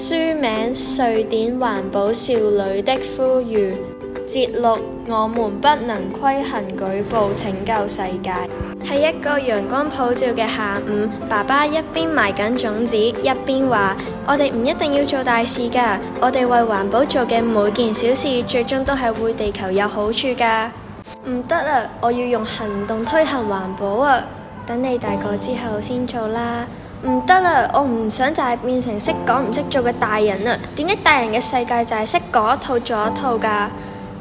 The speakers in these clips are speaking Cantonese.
書名《瑞典環保少女的呼籲》節錄：錄我們不能規行矩步拯救世界。喺一個陽光普照嘅下午，爸爸一邊埋緊種子，一邊話：我哋唔一定要做大事㗎，我哋為環保做嘅每件小事，最終都係會地球有好處㗎。唔得啦，我要用行動推行環保啊！等你大個之後先做啦。唔得啦，我唔想就係變成識講唔識做嘅大人啦。點解大人嘅世界就係識講一套做一套噶？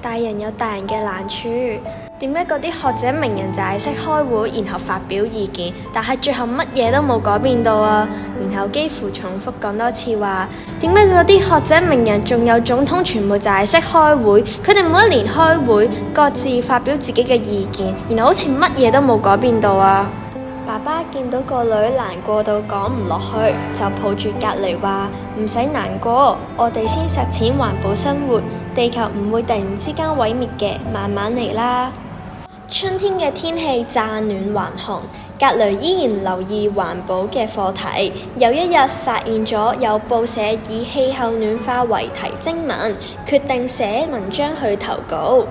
大人有大人嘅難處。點解嗰啲學者名人就係識開會，然後發表意見，但係最後乜嘢都冇改變到啊？然後幾乎重複講多次話。點解嗰啲學者名人仲有總統全部就係識開會？佢哋每一年開會，各自發表自己嘅意見，然後好似乜嘢都冇改變到啊？爸爸見到個女難過到講唔落去，就抱住格雷話：唔使難過，我哋先實踐環保生活，地球唔會突然之間毀滅嘅，慢慢嚟啦。 春天嘅天氣乍暖還寒，格雷依然留意環保嘅課題。有一日發現咗有報社以氣候暖化為題徵文，決定寫文章去投稿。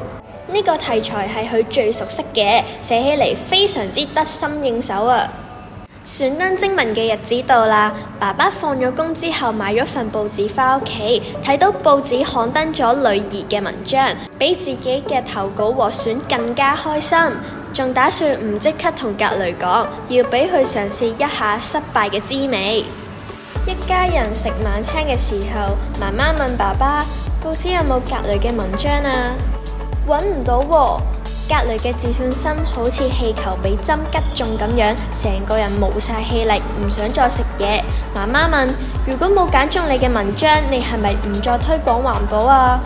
呢個題材係佢最熟悉嘅，寫起嚟非常之得心應手啊！選登徵文嘅日子到啦，爸爸放咗工之後買咗份報紙返屋企，睇到報紙刊登咗女兒嘅文章，比自己嘅投稿獲選更加開心，仲打算唔即刻同格雷講，要俾佢嘗試一下失敗嘅滋味。一家人食晚餐嘅時候，媽媽問爸爸：報紙有冇格雷嘅文章啊？揾唔到喎，哦，格雷嘅自信心好似氣球俾針吉中咁樣，成個人冇晒氣力，唔想再食嘢。媽媽問：如果冇揀中你嘅文章，你係咪唔再推廣環保啊？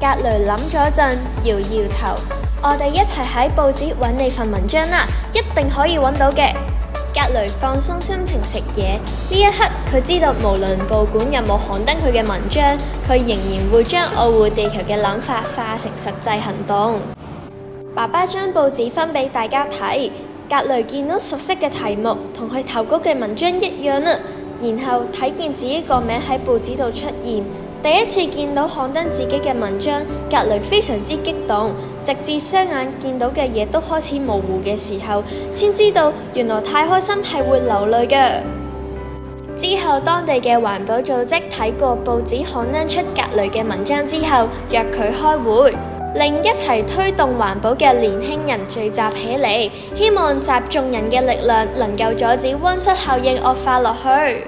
格雷諗咗一陣，搖搖頭。我哋一齊喺報紙揾你份文章啦，一定可以揾到嘅。格雷放鬆心情食嘢，呢一刻佢知道無論報館有冇刊登佢嘅文章，佢仍然會將愛護地球嘅諗法化成實際行動。爸爸將報紙分俾大家睇，格雷見到熟悉嘅題目同佢投稿嘅文章一樣啦，然後睇見自己個名喺報紙度出現，第一次見到刊登自己嘅文章，格雷非常之激動。直至雙眼見到嘅嘢都開始模糊嘅時候，先知道原來太開心係會流淚嘅。之後當地嘅環保組織睇過報紙刊登出格雷嘅文章之後，約佢開會，令一齊推動環保嘅年輕人聚集起嚟，希望集眾人嘅力量，能夠阻止溫室效應惡化落去。